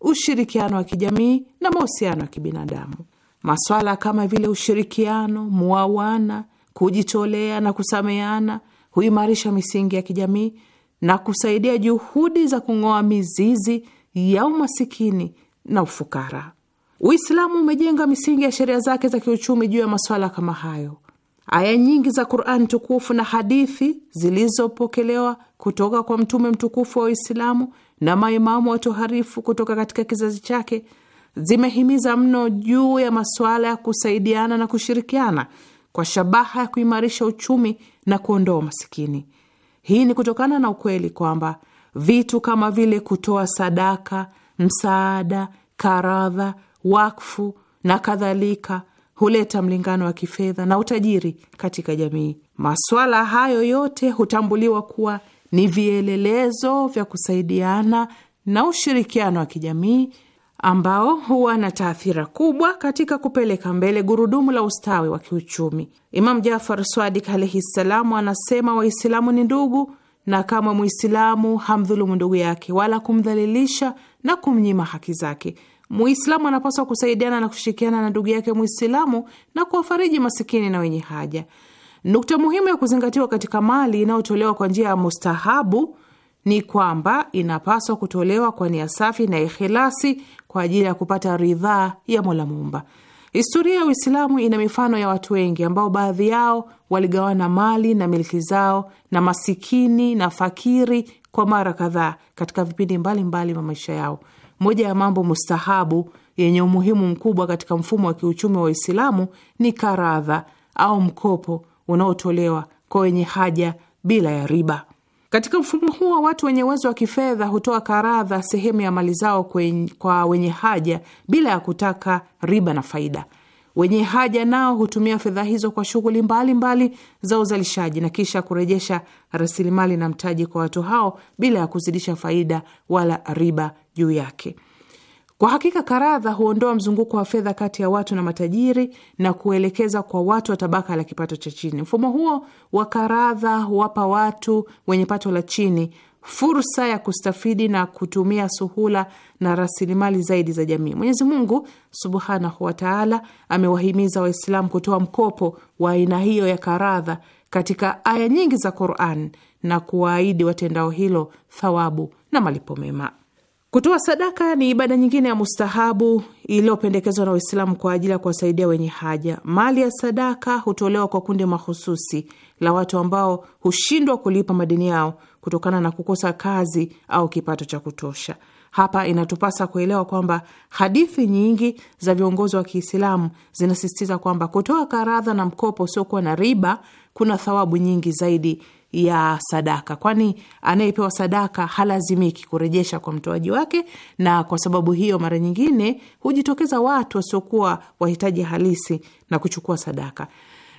Speaker 3: ushirikiano wa kijamii na mahusiano ya kibinadamu. Maswala kama vile ushirikiano, muawana kujitolea na kusameana huimarisha misingi ya kijamii na kusaidia juhudi za kung'oa mizizi ya umasikini na ufukara. Uislamu umejenga misingi ya sheria zake za kiuchumi juu ya masuala kama hayo. Aya nyingi za Qur'an tukufu na hadithi zilizopokelewa kutoka kwa mtume mtukufu wa Uislamu na maimamu watoharifu kutoka katika kizazi chake zimehimiza mno juu ya masuala ya kusaidiana na kushirikiana kwa shabaha ya kuimarisha uchumi na kuondoa umasikini. Hii ni kutokana na ukweli kwamba vitu kama vile kutoa sadaka, msaada, karadha, wakfu na kadhalika huleta mlingano wa kifedha na utajiri katika jamii. Masuala hayo yote hutambuliwa kuwa ni vielelezo vya kusaidiana na ushirikiano wa kijamii ambao huwa na taathira kubwa katika kupeleka mbele gurudumu la ustawi wa kiuchumi. imam Jafar Swadik alaihi ssalamu anasema Waislamu ni ndugu, na kamwe Muislamu hamdhulumu ndugu yake wala kumdhalilisha na kumnyima haki zake. Muislamu anapaswa kusaidiana na kushirikiana na ndugu yake Muislamu na kuwafariji masikini na wenye haja. Nukta muhimu ya kuzingatiwa katika mali inayotolewa kwa njia ya mustahabu ni kwamba inapaswa kutolewa kwa nia safi na ikhilasi kwa ajili ya kupata ridhaa ya Mola Muumba. Historia ya Uislamu ina mifano ya watu wengi ambao baadhi yao waligawana mali na milki zao na masikini na fakiri kwa mara kadhaa katika vipindi mbalimbali vya maisha yao. Moja ya mambo mustahabu yenye umuhimu mkubwa katika mfumo wa kiuchumi wa Uislamu ni karadha au mkopo unaotolewa kwa wenye haja bila ya riba. Katika mfumo huo watu wenye uwezo wa kifedha hutoa karadha sehemu ya mali zao kwa wenye haja bila ya kutaka riba na faida. Wenye haja nao hutumia fedha hizo kwa shughuli mbalimbali za uzalishaji na kisha kurejesha rasilimali na mtaji kwa watu hao bila ya kuzidisha faida wala riba juu yake. Kwa hakika karadha huondoa mzunguko wa fedha kati ya watu na matajiri na kuelekeza kwa watu wa tabaka la kipato cha chini. Mfumo huo wa karadha huwapa watu wenye pato la chini fursa ya kustafidi na kutumia suhula na rasilimali zaidi za jamii. Mwenyezi Mungu subhanahu wataala amewahimiza Waislamu kutoa mkopo wa aina hiyo ya karadha katika aya nyingi za Quran na kuwaahidi watendao hilo thawabu na malipo mema. Kutoa sadaka ni ibada nyingine ya mustahabu iliyopendekezwa na Uislamu kwa ajili ya kuwasaidia wenye haja. Mali ya sadaka hutolewa kwa kundi mahususi la watu ambao hushindwa kulipa madeni yao kutokana na kukosa kazi au kipato cha kutosha. Hapa inatupasa kuelewa kwamba hadithi nyingi za viongozi wa Kiislamu zinasisitiza kwamba kutoa karadha na mkopo usiokuwa na riba kuna thawabu nyingi zaidi ya sadaka, kwani anayepewa sadaka halazimiki kurejesha kwa mtoaji wake, na kwa sababu hiyo mara nyingine hujitokeza watu wasiokuwa wahitaji halisi na kuchukua sadaka.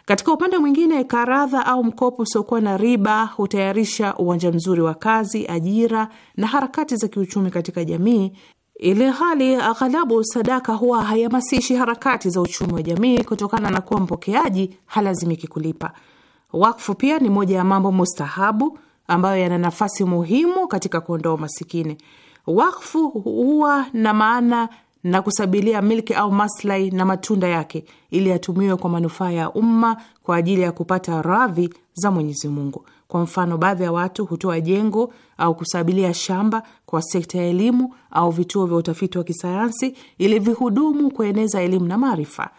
Speaker 3: Katika upande mwingine, karadha au mkopo usiokuwa na riba hutayarisha uwanja mzuri wa kazi, ajira na harakati za kiuchumi katika jamii, ili hali aghalabu sadaka huwa haihamasishi harakati za uchumi wa jamii kutokana na kuwa mpokeaji halazimiki kulipa. Wakfu pia ni moja ya mambo mustahabu ambayo yana nafasi muhimu katika kuondoa umasikini. Wakfu huwa na maana na kusabilia milki au maslahi na matunda yake, ili yatumiwe kwa manufaa ya umma kwa ajili ya kupata radhi za Mwenyezi Mungu. Kwa mfano, baadhi ya watu hutoa jengo au kusabilia shamba kwa sekta ya elimu au vituo vya utafiti wa kisayansi ili vihudumu kueneza elimu na maarifa.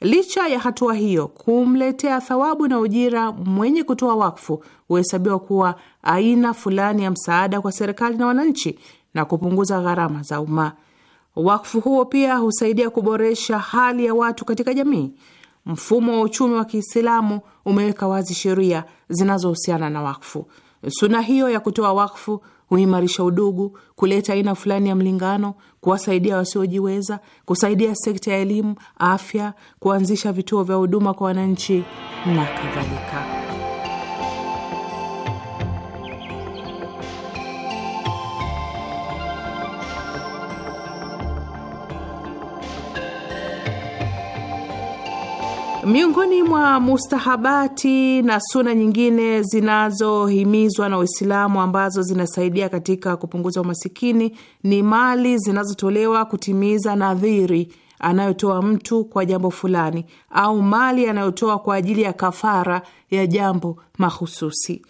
Speaker 3: Licha ya hatua hiyo kumletea thawabu na ujira, mwenye kutoa wakfu huhesabiwa kuwa aina fulani ya msaada kwa serikali na wananchi na kupunguza gharama za umma. Wakfu huo pia husaidia kuboresha hali ya watu katika jamii. Mfumo wa uchumi wa Kiislamu umeweka wazi sheria zinazohusiana na wakfu. Suna hiyo ya kutoa wakfu huimarisha udugu, kuleta aina fulani ya mlingano, kuwasaidia wasiojiweza, kusaidia sekta ya elimu, afya, kuanzisha vituo vya huduma kwa wananchi na kadhalika. Miongoni mwa mustahabati na suna nyingine zinazohimizwa na Uislamu ambazo zinasaidia katika kupunguza umasikini ni mali zinazotolewa kutimiza nadhiri anayotoa mtu kwa jambo fulani au mali anayotoa kwa ajili ya kafara ya jambo mahususi.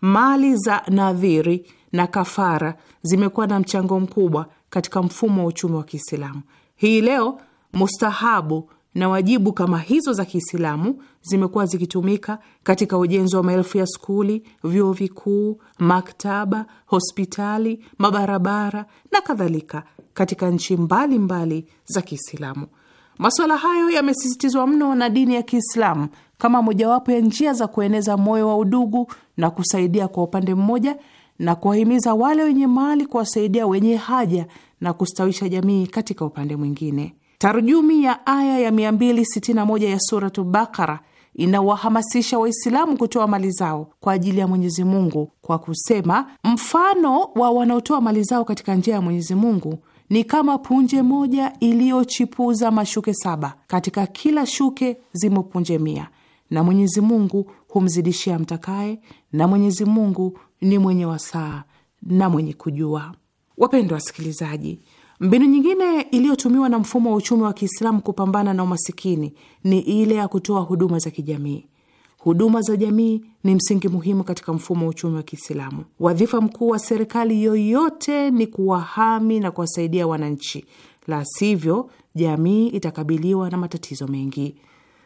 Speaker 3: Mali za nadhiri na kafara zimekuwa na mchango mkubwa katika mfumo wa uchumi wa Kiislamu. Hii leo mustahabu na wajibu kama hizo za Kiislamu zimekuwa zikitumika katika ujenzi wa maelfu ya skuli, vyuo vikuu, maktaba, hospitali, mabarabara na kadhalika katika nchi mbalimbali mbali za Kiislamu. Masuala hayo yamesisitizwa mno na dini ya Kiislamu kama mojawapo ya njia za kueneza moyo wa udugu na kusaidia kwa upande mmoja, na kuwahimiza wale wenye mali kuwasaidia wenye haja na kustawisha jamii katika upande mwingine. Tarjumi ya aya ya 261 ya Suratu Bakara inawahamasisha Waislamu kutoa mali zao kwa ajili ya Mwenyezi Mungu kwa kusema, mfano wa wanaotoa mali zao katika njia ya Mwenyezi Mungu ni kama punje moja iliyochipuza mashuke saba, katika kila shuke zimo punje mia, na Mwenyezi Mungu humzidishia mtakaye, na Mwenyezi Mungu ni mwenye wasaa na mwenye kujua. Wapendwa wasikilizaji Mbinu nyingine iliyotumiwa na mfumo wa uchumi wa Kiislamu kupambana na umasikini ni ile ya kutoa huduma za kijamii. Huduma za jamii ni msingi muhimu katika mfumo wa uchumi wa Kiislamu. Wadhifa mkuu wa serikali yoyote ni kuwahami na kuwasaidia wananchi, la sivyo jamii itakabiliwa na matatizo mengi.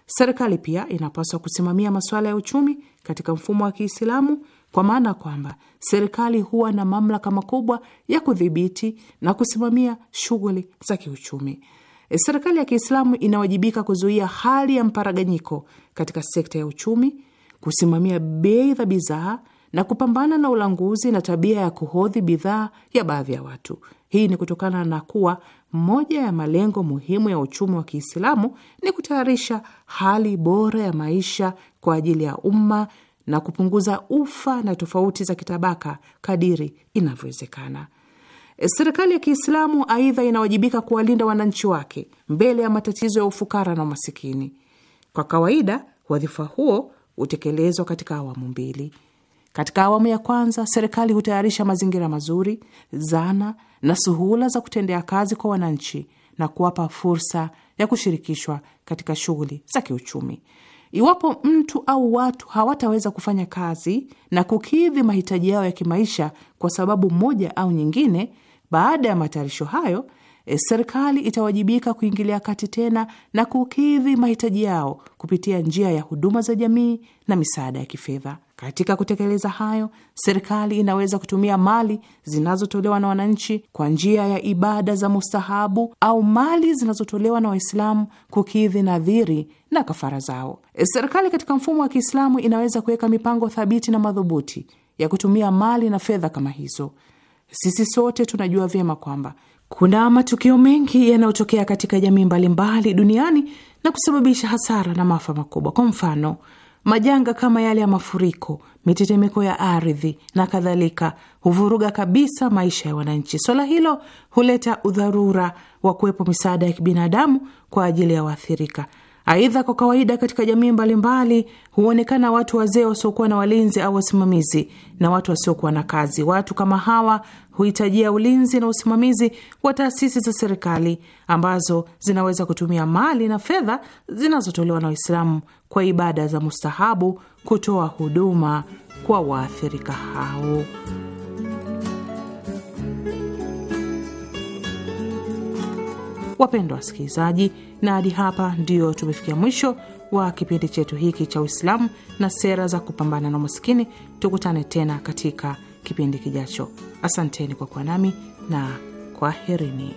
Speaker 3: Serikali pia inapaswa kusimamia masuala ya uchumi katika mfumo wa Kiislamu kwa maana kwamba serikali huwa na mamlaka makubwa ya kudhibiti na kusimamia shughuli za kiuchumi. E, serikali ya Kiislamu inawajibika kuzuia hali ya mparaganyiko katika sekta ya uchumi, kusimamia bei za bidhaa na kupambana na ulanguzi na tabia ya kuhodhi bidhaa ya baadhi ya watu. Hii ni kutokana na kuwa moja ya malengo muhimu ya uchumi wa Kiislamu ni kutayarisha hali bora ya maisha kwa ajili ya umma na kupunguza ufa na tofauti za kitabaka kadiri inavyowezekana. Serikali ya Kiislamu aidha inawajibika kuwalinda wananchi wake mbele ya matatizo ya ufukara na umasikini. Kwa kawaida, wadhifa huo hutekelezwa katika awamu mbili. Katika awamu ya kwanza, serikali hutayarisha mazingira mazuri, zana na suhula za kutendea kazi kwa wananchi na kuwapa fursa ya kushirikishwa katika shughuli za kiuchumi. Iwapo mtu au watu hawataweza kufanya kazi na kukidhi mahitaji yao ya kimaisha kwa sababu moja au nyingine, baada ya matayarisho hayo, eh, serikali itawajibika kuingilia kati tena na kukidhi mahitaji yao kupitia njia ya huduma za jamii na misaada ya kifedha. Katika kutekeleza hayo, serikali inaweza kutumia mali zinazotolewa na wananchi kwa njia ya ibada za mustahabu au mali zinazotolewa na Waislamu kukidhi nadhiri na kafara zao. E, serikali katika mfumo wa Kiislamu inaweza kuweka mipango thabiti na madhubuti ya kutumia mali na fedha kama hizo. Sisi sote tunajua vyema kwamba kuna matukio mengi yanayotokea katika jamii mbalimbali duniani na kusababisha hasara na maafa makubwa. Kwa mfano Majanga kama yale ya mafuriko, mitetemeko ya ardhi na kadhalika huvuruga kabisa maisha ya wananchi. Swala hilo huleta udharura wa kuwepo misaada ya kibinadamu kwa ajili ya waathirika. Aidha, kwa kawaida katika jamii mbalimbali huonekana watu wazee wasiokuwa na walinzi au wasimamizi na watu wasiokuwa na kazi. Watu kama hawa huhitajia ulinzi na usimamizi wa taasisi za serikali ambazo zinaweza kutumia mali na fedha zinazotolewa na Waislamu kwa ibada za mustahabu kutoa huduma kwa waathirika hao. Wapendwa wasikilizaji, na hadi hapa ndio tumefikia mwisho wa kipindi chetu hiki cha Uislamu na sera za kupambana na umasikini. Tukutane tena katika kipindi kijacho. Asanteni kwa kuwa nami na kwaherini.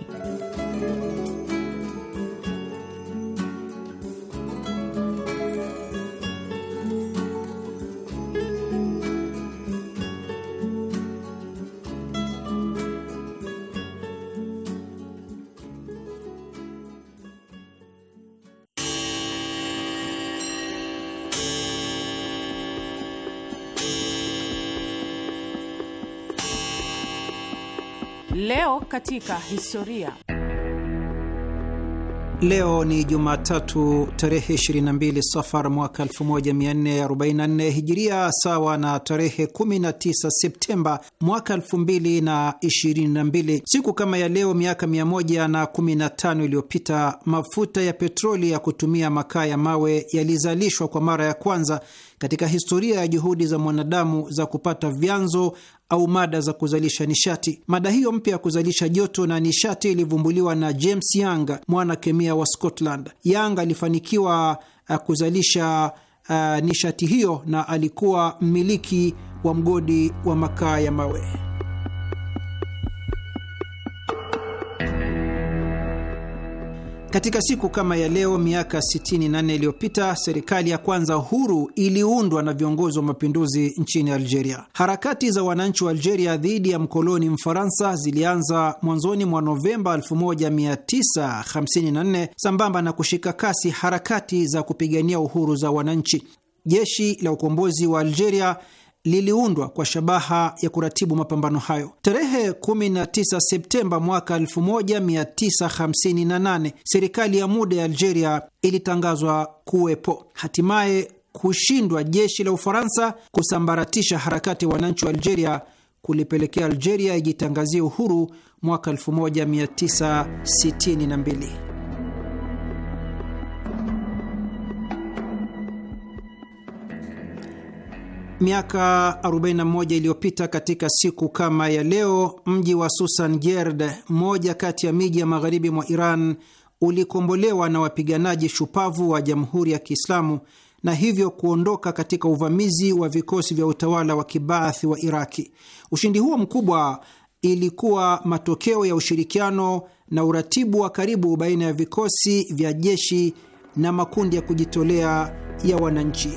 Speaker 3: katika historia.
Speaker 4: Leo ni Jumatatu tarehe 22 Safar mwaka 1444 Hijiria, sawa na tarehe 19 Septemba mwaka 2022. Siku kama ya leo miaka 115 iliyopita, mafuta ya petroli ya kutumia makaa ya mawe yalizalishwa kwa mara ya kwanza katika historia ya juhudi za mwanadamu za kupata vyanzo au mada za kuzalisha nishati. Mada hiyo mpya ya kuzalisha joto na nishati ilivumbuliwa na James Young, mwana kemia wa Scotland. Young alifanikiwa uh, kuzalisha uh, nishati hiyo na alikuwa mmiliki wa mgodi wa makaa ya mawe. Katika siku kama ya leo miaka 68 iliyopita serikali ya kwanza huru iliundwa na viongozi wa mapinduzi nchini Algeria. Harakati za wananchi wa Algeria dhidi ya mkoloni Mfaransa zilianza mwanzoni mwa Novemba 1954 sambamba na kushika kasi harakati za kupigania uhuru za wananchi. Jeshi la ukombozi wa Algeria liliundwa kwa shabaha ya kuratibu mapambano hayo. Tarehe 19 Septemba mwaka 1958 serikali ya muda ya Algeria ilitangazwa kuwepo. Hatimaye kushindwa jeshi la Ufaransa kusambaratisha harakati ya wananchi wa Algeria kulipelekea Algeria ijitangazie uhuru mwaka 1962. miaka 41 iliyopita katika siku kama ya leo, mji wa Susan Gerd, moja kati ya miji ya magharibi mwa Iran, ulikombolewa na wapiganaji shupavu wa Jamhuri ya Kiislamu na hivyo kuondoka katika uvamizi wa vikosi vya utawala wa kibaathi wa Iraki. Ushindi huo mkubwa ilikuwa matokeo ya ushirikiano na uratibu wa karibu baina ya vikosi vya jeshi na makundi ya kujitolea ya wananchi.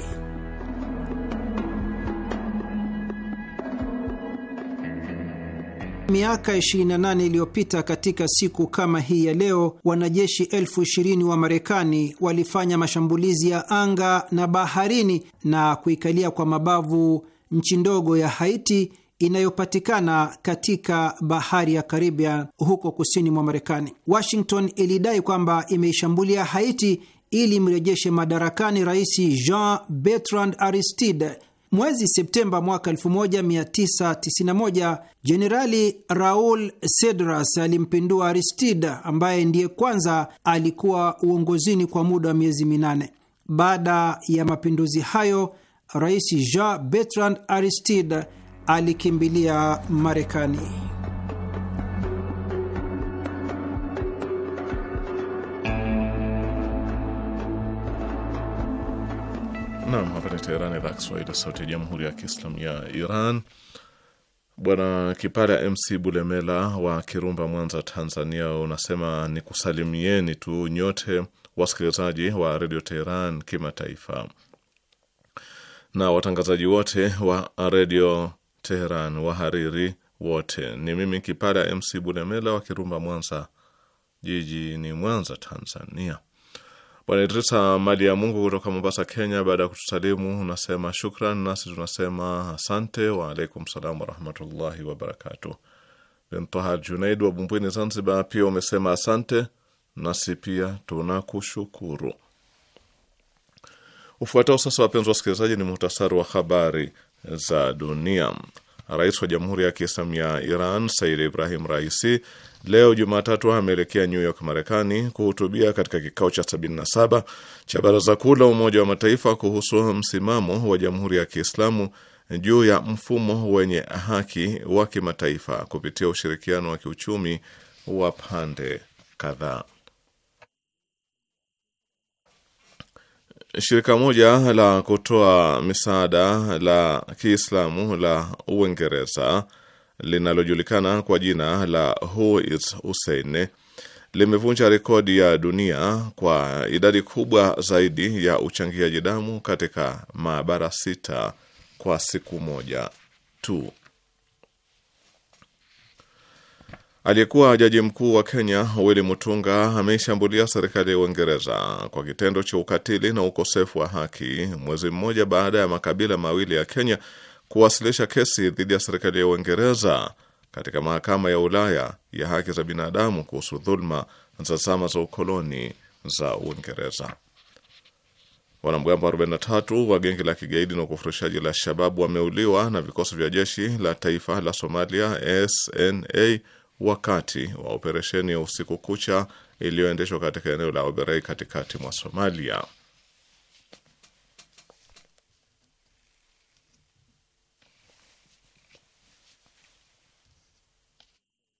Speaker 4: Miaka 28 iliyopita katika siku kama hii ya leo, wanajeshi elfu ishirini wa Marekani walifanya mashambulizi ya anga na baharini na kuikalia kwa mabavu nchi ndogo ya Haiti inayopatikana katika bahari ya Karibia huko kusini mwa Marekani. Washington ilidai kwamba imeishambulia Haiti ili mrejeshe madarakani Rais Jean Bertrand Aristide Mwezi Septemba mwaka 1991 Jenerali Raul Cedras alimpindua Aristide ambaye ndiye kwanza alikuwa uongozini kwa muda wa miezi minane. Baada ya mapinduzi hayo, Rais Jean Bertrand Aristide alikimbilia Marekani.
Speaker 1: Naam, hapa ni Teherani, idhaa Kiswahili, sauti ya jamhuri ya kiislamu ya Iran. Bwana Kipala MC Bulemela wa Kirumba, Mwanza, Tanzania, unasema ni kusalimieni tu nyote wasikilizaji wa redio Teheran kimataifa na watangazaji wote wa redio Teheran, wahariri wote. Ni mimi Kipala MC Bulemela wa Kirumba, Mwanza, ni Mwanza, Tanzania. Bwana Idrisa ah, Mali ya Mungu kutoka Mombasa, Kenya, baada ya kutusalimu unasema shukran, nasi tunasema asante. Waalaikum salam warahmatullahi wabarakatu. Bintoha Junaid wa Bumbwini, Zanzibar, pia umesema asante, nasi pia tunakushukuru. Ufuatao sasa, wapenzi wasikilizaji, ni muhtasari wa habari za dunia. Rais wa Jamhuri ya Kiislamu ya Iran Said Ibrahim Raisi leo Jumatatu ameelekea New York, Marekani, kuhutubia katika kikao cha 77 cha Baraza Kuu la Umoja wa Mataifa kuhusu msimamo wa Jamhuri ya Kiislamu juu ya mfumo wenye haki wa kimataifa kupitia ushirikiano wa kiuchumi wa pande kadhaa. Shirika moja la kutoa misaada la Kiislamu la Uingereza linalojulikana kwa jina la Who is Hussein limevunja rekodi ya dunia kwa idadi kubwa zaidi ya uchangiaji damu katika maabara sita kwa siku moja tu. Aliyekuwa jaji mkuu wa Kenya Willy Mutunga ameishambulia serikali ya Uingereza kwa kitendo cha ukatili na ukosefu wa haki mwezi mmoja baada ya makabila mawili ya Kenya kuwasilisha kesi dhidi ya serikali ya Uingereza katika mahakama ya Ulaya ya haki za binadamu kuhusu dhuluma za zama za ukoloni za Uingereza. Wanamgambo 43 wa gengi la kigaidi na ukufurishaji la Shababu wameuliwa na vikosi vya jeshi la taifa la Somalia SNA wakati wa operesheni ya usiku kucha iliyoendeshwa katika eneo la Oberei katikati mwa Somalia.